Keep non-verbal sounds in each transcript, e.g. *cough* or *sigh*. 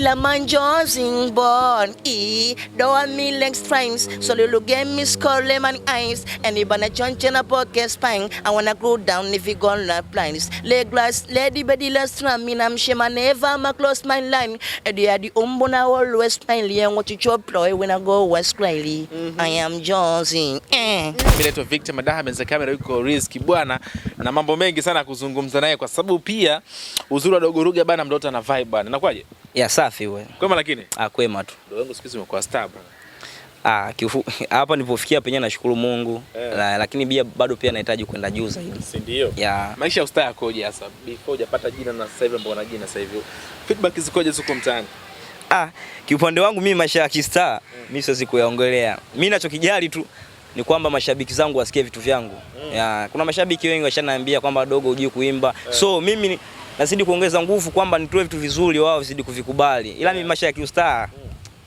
la man Josin born E Doa me legs times So little game me score lemon eyes And you banna John Chena pocket spine I wanna go down if you gone like blinds Leg glass lady body last time Me nam shema never my close my line And you are the umbo na always smiley And what you chop ploy when I go west Riley mm -hmm. I am Josin eh. Mimi naitwa Victor Madaha Benza Camera yuko Rizki bwana na mambo mengi sana kuzungumza naye kwa sababu pia uzuri wa Dogoruga bana mdota na vibe bana. Inakuwaje? Ya safi wewe. Kwema lakini? Ah, kwema tu. Ndio wangu siku hizi umekuwa star bro. Ah, kifu hapa nilipofikia penye nashukuru Mungu yeah. La, lakini bia bado pia nahitaji kwenda juu zaidi. Si ndio? Yeah. Maisha ya usta yakoje hasa? Before hujapata jina na sasa hivi ambao una jina sasa hivi. Feedback zikoje huko mtaani? Ah, kiupande wangu mimi maisha ya kistar mm. mimi siwezi kuyaongelea. Mimi nachokijali tu ni kwamba mashabiki zangu wasikie vitu vyangu. Mm. Ya, Kuna mashabiki wengi washaniambia kwamba dogo hujui kuimba. Yeah. So mimi nazidi kuongeza nguvu kwamba nitoe vitu vizuri, wao wazidi kuvikubali, ila mimi maisha ya kiustaa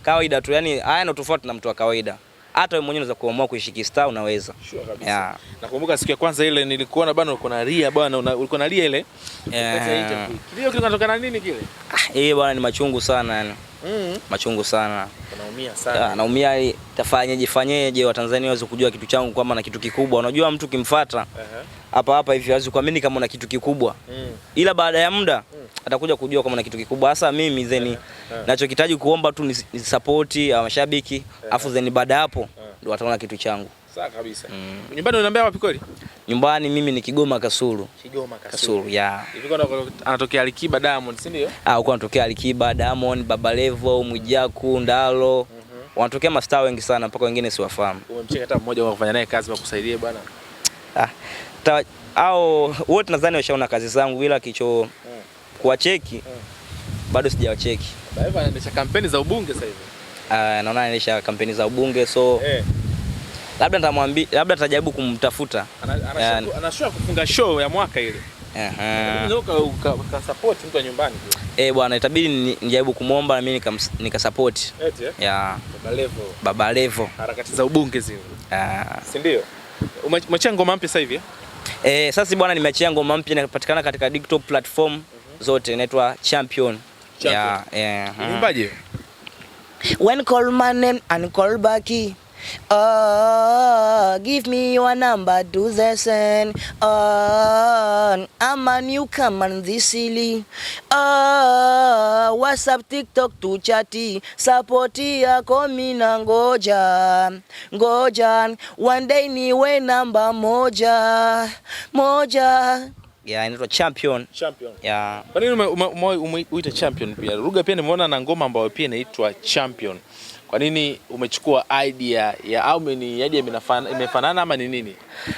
kawaida tu, yani haya ndio tofauti na mtu wa kawaida hata wewe mwenyewe unaweza kuamua kuishi kistaa, unaweza sure kabisa. Yeah. Nakumbuka siku ya kwanza ile nilikuona bana, uko na ria bana, uko na ria ile yeah. Kilio kinatokana na nini kile? Ah, eh bana, ni machungu sana yani mm. Machungu sana, naumia sana yeah, naumia. Eh, tafanyeje fanyeje, Watanzania waweze kujua kitu changu kwamba na kitu kikubwa. Unajua mtu kimfuata uh -huh hapa hapa hivi hawezi kuamini kama una kitu kikubwa mm. ila baada ya muda mm. atakuja kujua kama una kitu kikubwa. Hasa mimi zeni yeah. yeah. nachokitaji kuomba tu ni, support ya uh, mashabiki yeah. afu then baada hapo yeah. ndio wataona kitu changu. Sawa kabisa. Mm. Nyumbani unaambia wapi kweli? Nyumbani mimi ni Kigoma Kasulu. Kigoma Kasulu. Kasulu, yeah. Hivi kwa anatokea Alikiba Diamond, si ndio? Ah, huko anatokea Alikiba Diamond, Baba Levo, Mwijaku, Ndalo. Mm -hmm. Wanatokea mastaa wengi sana mpaka wengine siwafahamu. Umemcheka hata mmoja wa kufanya naye kazi wa kusaidia bwana? ah, ta, au wote nadhani washaona kazi zangu, ila kicho mm. kuwacheki bado sijawacheki. Baba anaendesha kampeni za ubunge sasa hivi. Ah, naona anaendesha kampeni za ubunge so eh. Labda nitamwambia, labda tajaribu kumtafuta. Anashua kufunga show ya mwaka ile. Eh, bwana itabidi nijaribu kumwomba na mimi nikasupport. Eti? Eh? Ya. Baba Levo. Baba Levo. Harakati za ubunge zile. Ah. Si ndio? Umeachia ngoma mpya sasa hivi? Eh, sasa bwana, nimeachia ngoma mpya inapatikana katika digital platform zote inaitwa Champion. Champion. Yeah, yeah. Mwimbaji? Uh-huh. When call my name and call back. Oh, give me your number, do the same. Oh, I'm a newcomer in this city. Oh, uh, what's up, TikTok, tu chati. Support yako mina ngoja. Ngoja. One day niwe namba moja. Moja. Yeah, inaitwa champion. Champion. Yeah. Kwa nini umeuita champion pia? Ruga pia nimeona na ngoma ambayo pia inaitwa champion. Kwa nini umechukua idea ya au ni idea imefanana ama ni nini?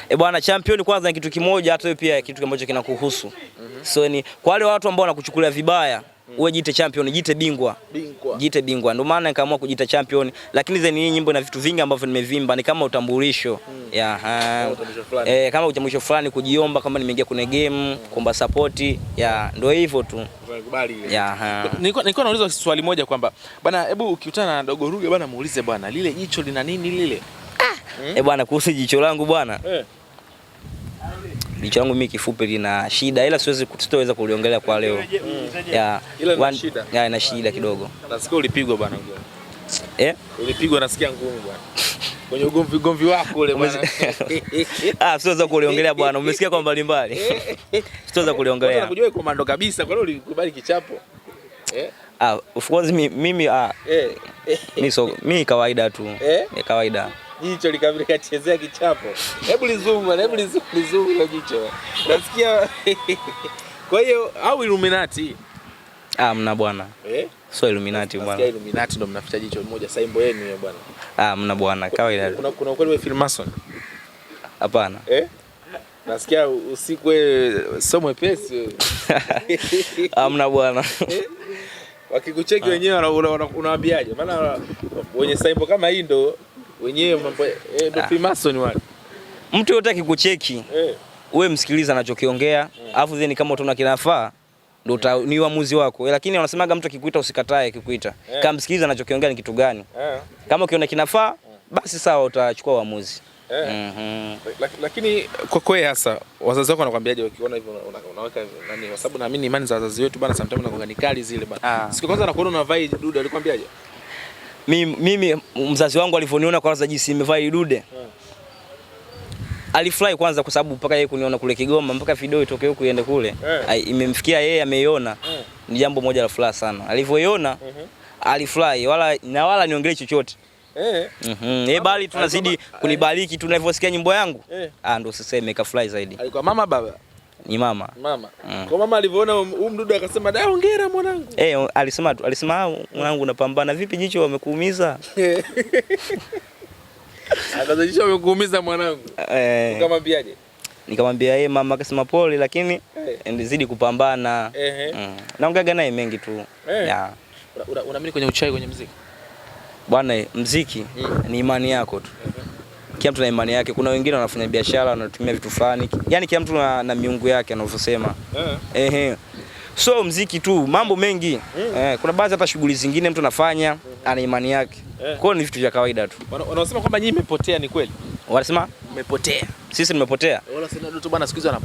Eh, bwana champion, kwanza ni kitu kimoja, hata pia kitu ambacho kinakuhusu. mm -hmm. So ni kwa wale watu ambao wanakuchukulia vibaya uwe mm. jite champion, jite bingwa, bingwa, jite bingwa. Ndio maana nikaamua kujita champion, lakini zeni hii nyimbo na vitu vingi ambavyo nimevimba ni kama utambulisho hmm. ya ha. Ah. eh, kama utambulisho fulani kujiomba kama nimeingia kwenye game hmm. kuomba support ya ndio hivyo tu. Ah. *laughs* Nilikuwa nilikuwa nauliza swali moja kwamba bana, hebu ukikutana na Dogo Ruge bana, muulize bana, lile jicho lina nini lile? Ah. Mm. Eh bwana, kuhusu jicho langu bwana eh jicho langu mimi kifupi lina shida, ila siwezi kutoweza kuliongelea kwa leo mm. ina shida, yeah, ina shida kidogo. Nasikia ulipigwa bwana eh, ulipigwa, nasikia ngumu bwana kwenye ugomvi gomvi wako ule bwana. *laughs* Ah, siwezi kuliongelea bwana, umesikia kwa mbali mbali, *laughs* sitoweza kuliongelea. Unajua iko mando kabisa, kwa nini ulikubali kichapo eh? Ah, of course mimi mimi ah, eh, mimi so mimi kawaida tu eh, Ni eh, kawaida jicho likachezea kichapo, hebu lizuma, hebu lizuma, lizuma hilo jicho, nasikia *laughs* kwa hiyo au Illuminati? Ah, mna bwana eh? So Illuminati bwana. Nasikia Illuminati ndo mnaficha jicho moja, saimbo yenu hiyo bwana. Ah, mna bwana kawaida. Kuna kuna ukweli wewe Freemason? Hapana. Eh? Nasikia usiku wewe so mwepesi. *laughs* Ah, mna bwana. Eh? Wakikucheki ah. wenyewe unawaambiaje? Maana wenye saimbo kama hii ndo wenyewe mambo eh, Dr. Ah. Mason wale. Mtu yote akikucheki eh, wewe msikiliza anachokiongea mm. alafu eh, then kama utaona kinafaa ndio mm. ni uamuzi wako, eh, lakini wanasemaga mtu akikuita usikatae, akikuita yeah. Kama msikiliza anachokiongea ni kitu gani yeah. Kama ukiona kinafaa mm. Basi sawa, utachukua uamuzi yeah. mm -hmm. Lakini kwa kweli hasa wazazi wako wanakuambiaje ukiona hivyo unaweka nani? Kwa sababu naamini imani za wazazi wetu bana, sometimes na kali zile bana, ah. siku kwanza nakuona unavaa dude, alikwambiaje? mimi, mimi mzazi wangu alivyoniona kwanza jinsi nimevaa idude alifurahi kwanza, kwa sababu mpaka yeye kuniona kule Kigoma, mpaka video itoke huko iende kule yeah. imemfikia yeye, ameiona yeah. ni jambo moja la furaha sana. Alivyoiona mm -hmm. alifurahi wala na wala niongelee chochote eh. Mhm. mm eh, bali tunazidi kunibariki, tunavyosikia nyimbo yangu yeah. ah, ndo siseme, kafurahi zaidi. Alikuwa mama baba ni mama mama. Mm. Kwa mama alivyoona huyu mdudu akasema da, hongera mwanangu. Eh, hey, alisema alisema ah, mwanangu, unapambana vipi, jicho wamekuumiza? *laughs* Akaza jicho wamekuumiza mwanangu. Eh. Hey. Ukamwambiaje? Nikamwambia yeye eh, mama akasema pole, lakini hey, eh. Endizidi kupambana. Ehe. Mm. Naongeaga naye mengi tu. Hey. Eh. Yeah. Unaamini una, una kwenye uchawi kwenye muziki? Bwana, muziki hmm. ni imani yako tu. Ehe kila mtu na imani yake. Kuna wengine wanafanya biashara wanatumia vitu fulani, yani kila mtu na, na miungu yake anavyosema yeah. Ehe, so mziki tu mambo mengi yeah. Hmm. Eh, kuna baadhi hata shughuli zingine mtu anafanya hmm. ana imani yake yeah. Kwao ni vitu vya kawaida tu. Wanasema kwamba nyinyi mmepotea ni kweli? Wanasema mmepotea, sisi nimepotea, wala sina ndoto bwana, siku hizi wale.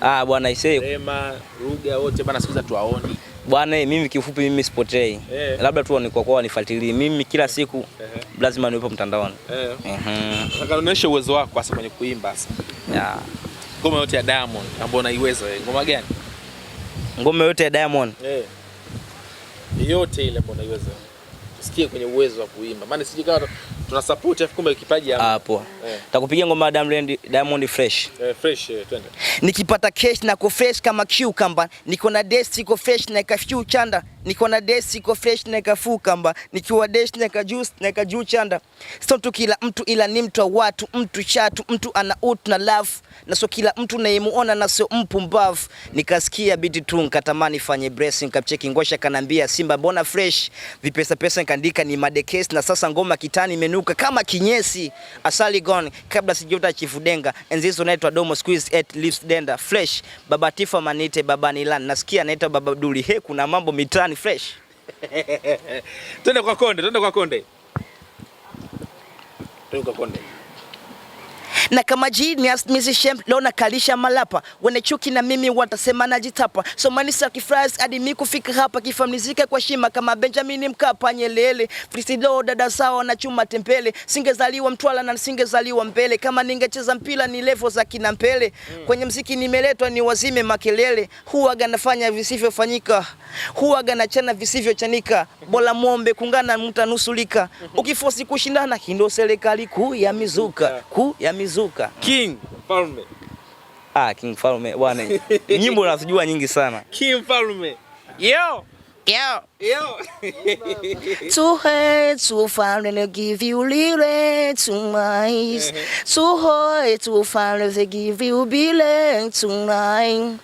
Ah bwana isee, Sema Ruga wote bwana, siku hizi tuwaoni bwana. Eh, mimi kifupi, mimi sipotei yeah. Labda tu wanikuwa kwa wanifuatilie mimi kila eh. siku yeah lazima niwepo mtandaoni. Eh. Mhm. Nataka nionyeshe uwezo wako hasa kwenye kuimba hasa. Yeah. Ngoma yote ya Diamond ambayo unaiweza wewe, ngoma gani? Ngoma yote ya Diamond. Eh. Yote ile ambayo unaiweza. Sikie kwenye uwezo wa kuimba. Maana sije kama tuna support afu kumbe kipaji hapo. Ah, eh. poa. Takupigia ngoma ya Diamond Diamond fresh. Eh, fresh eh, twende. Nikipata cash na ko fresh kama cucumber, niko na desk iko fresh na kafiu chanda niko na desi kwa fresh na kafu kamba nikiwa desh na ka juice na ka juu chanda. Sio mtu kila mtu ila ni mtu wa watu, mtu chatu, mtu ana utu na love, na sio kila mtu nayemuona na sio mpumbavu. Nikasikia biti tu nikatamani fanye blessing kapcheki ngosha kanambia Simba bona fresh vipesa pesa nikaandika ni madekesi na sasa ngoma kitani imenuka kama kinyesi asali gone kabla sijota denga enzi hizo naitwa domo squeeze at lips denda fresh baba tifa manite baba nilan nasikia naitwa baba duli he kuna mambo mitani fresh. Twende kwa Konde, twende kwa Konde, twende kwa Konde na kama jini misi shem leo nakalisha malapa, wenye chuki na mimi watasema najitapa, so mani sacrifice hadi mimi kufika hapa, kifamnizike kwa shima kama Benjamin Mkapa, Nyelele Frisido dada sawa na chuma tempele, singezaliwa Mtwala na singezaliwa Mbele, kama ningecheza mpira ni level za kina Mpele, hmm. kwenye mziki nimeletwa ni wazime makelele, huwaga nafanya visivyofanyika, huwaga nachana visivyochanika, bola muombe kungana mtanusulika, hmm. ukifosi kushindana hindo serikali kuu ya mizuka kuu ya mizuka Zuka. King Falme. Ah, King Falme bwana. *laughs* Nyimbo nazijua nyingi sana. King Falme. Yo. Yeah. Yeah. to her, to family, give you little, tonight. To her, to family, they give you billion tonight.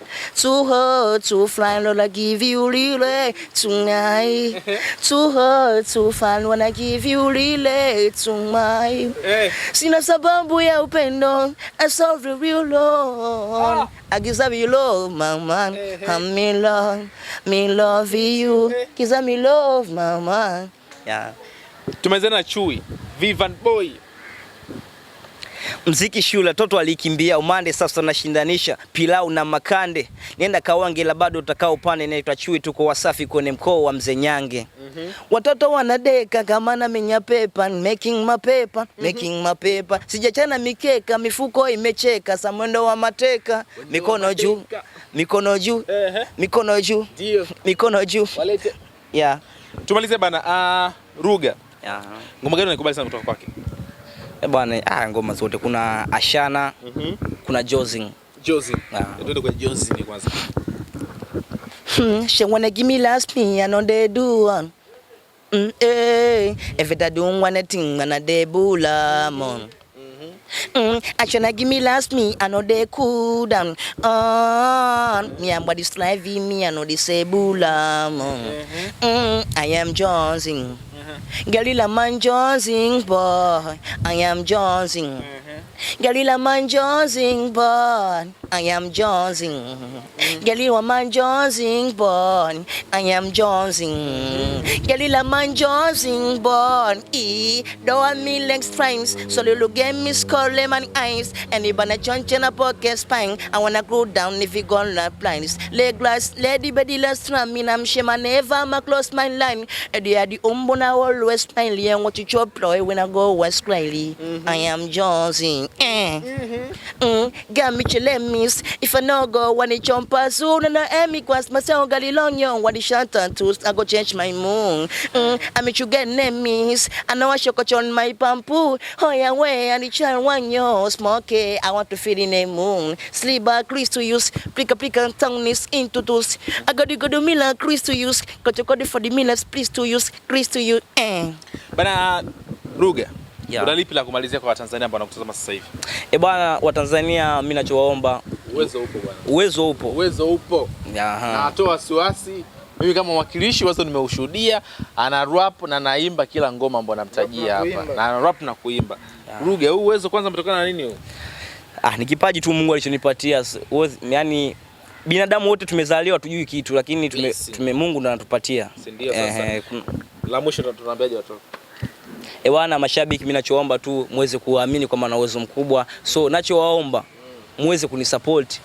To her, to family, they give you little tonight. To her, to family, they give you little mm-hmm. tonight. Sina sababu ya upendo, I saw the real love. Ah. I give you I'm in love me love you eh. kiza me love mama yeah. Tumezena Chui vivan Boy mziki shule toto alikimbia umande. Sasa nashindanisha pilau na makande, nenda kawange la bado utakao upande, na itachui tuko wasafi kwenye mkoa wa Mzenyange. mm -hmm. Watoto wanadeka kama na menya pepa, making paper, mhm. making paper. sijachana mikeka, mifuko imecheka, samwendo wa mateka, mikono juu, mikono juu, mikono juu, mikono juu, yeah. Tumalize bana. Uh, ah, Ruga, ngoma gani unakubali sana kutoka kwake? Eh bwana, ah, ngoma zote kuna Ashana mm -hmm. kuna Jozing. Jozin. Ah. Tuende kwa Jozin kwanza. Hmm, she wanna give me last me and on the do one. Mm, eh, if it don't wanna thing and debula mm-hmm. mon. Mm, action I give me last me, I know they cool down. On me, I'm body is me, I know this Ebola. Mm. Mm-hmm. mm, I am Johnson. Mm-hmm. Galila man Johnson boy, I am Johnson. Mm-hmm. Galila man Johnson boy. I am Jonesing. Galiwa man Jonesing born. I am Jonesing. Galila man Jonesing born. E do a me legs times. So lulu game me score and eyes. And if I John a pocket pine, I wanna go down if you gone like blinds. Leg glass, lady body last ram. Me I'm shame, I never ma close my line. And they are the umbo na always smiley. And what you chop ploy when I go West Riley. I am Jonesing. Eh. Mm-hmm. Mm. Gammy chile me Prince, Ifanogo, Wanichompa, Zuna na Emi Kwas, Maseo Galilonyo, Wanishanta Tools, I go change my moon. Mm, Amichuge Nemis, Anawasho Kochon my pampu, Hoya oh, Way, Anichar Wanyo, Smoke, I want to feel in a moon. Sliba, uh, Christus, Plika Plika, Tongues, Into Tools, I got to go to Mila, Christus, Kotokodi for the minutes, please to use, to you eh. Bana Ruga yeah. Una lipi la kumalizia kwa Watanzania ambao wanakutazama sasa hivi? Eh, bwana Watanzania, mimi nachowaomba uwezo upo bwana. Uwezo upo. Uwezo upo. Aha. Na atoa wasiwasi mimi kama mwakilishi wazo nimeushuhudia, ana rap na naimba kila ngoma ambayo namtajia hapa, na ana rap na kuimba. Yeah. Ruge, huu uwezo kwanza umetokana na nini huu? Ah, ni kipaji tu Mungu alichonipatia. Yaani binadamu wote tumezaliwa tujui kitu, lakini tume, tume Mungu ndo anatupatia. Si Ndio sasa. Eh, la mwisho tunaambiaje watu? Ewana mashabiki, mimi nachoomba tu muweze kuamini kwamba na uwezo mkubwa, so nachowaomba muweze kunisapoti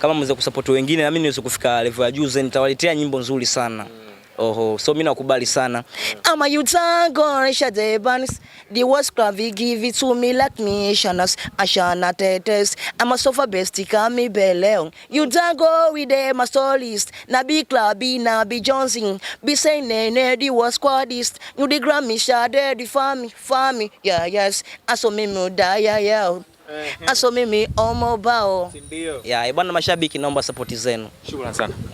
kama mweze kusupport wengine, na mimi niweze kufika level ya juu, nitawaletea nyimbo nzuri sana. Oho, so mimi nakubali sana. Ama you thank God, Aisha Debanis. The worst club give it to me like me, Shanas, Ashana Tetes. Ama sofa besti Kami Beleon. You thank God with the masolist. solist. Na be club, na be Johnson. Be saying, Nene, the worst squadist. You the Grammy, Shade, the Fami, Fami. Yeah, yes. Aso mimi, da, yeah, yeah. Aso mimi, omo bao. Ya, yeah, ibana mashabiki, naomba support zenu. Shukrani sana.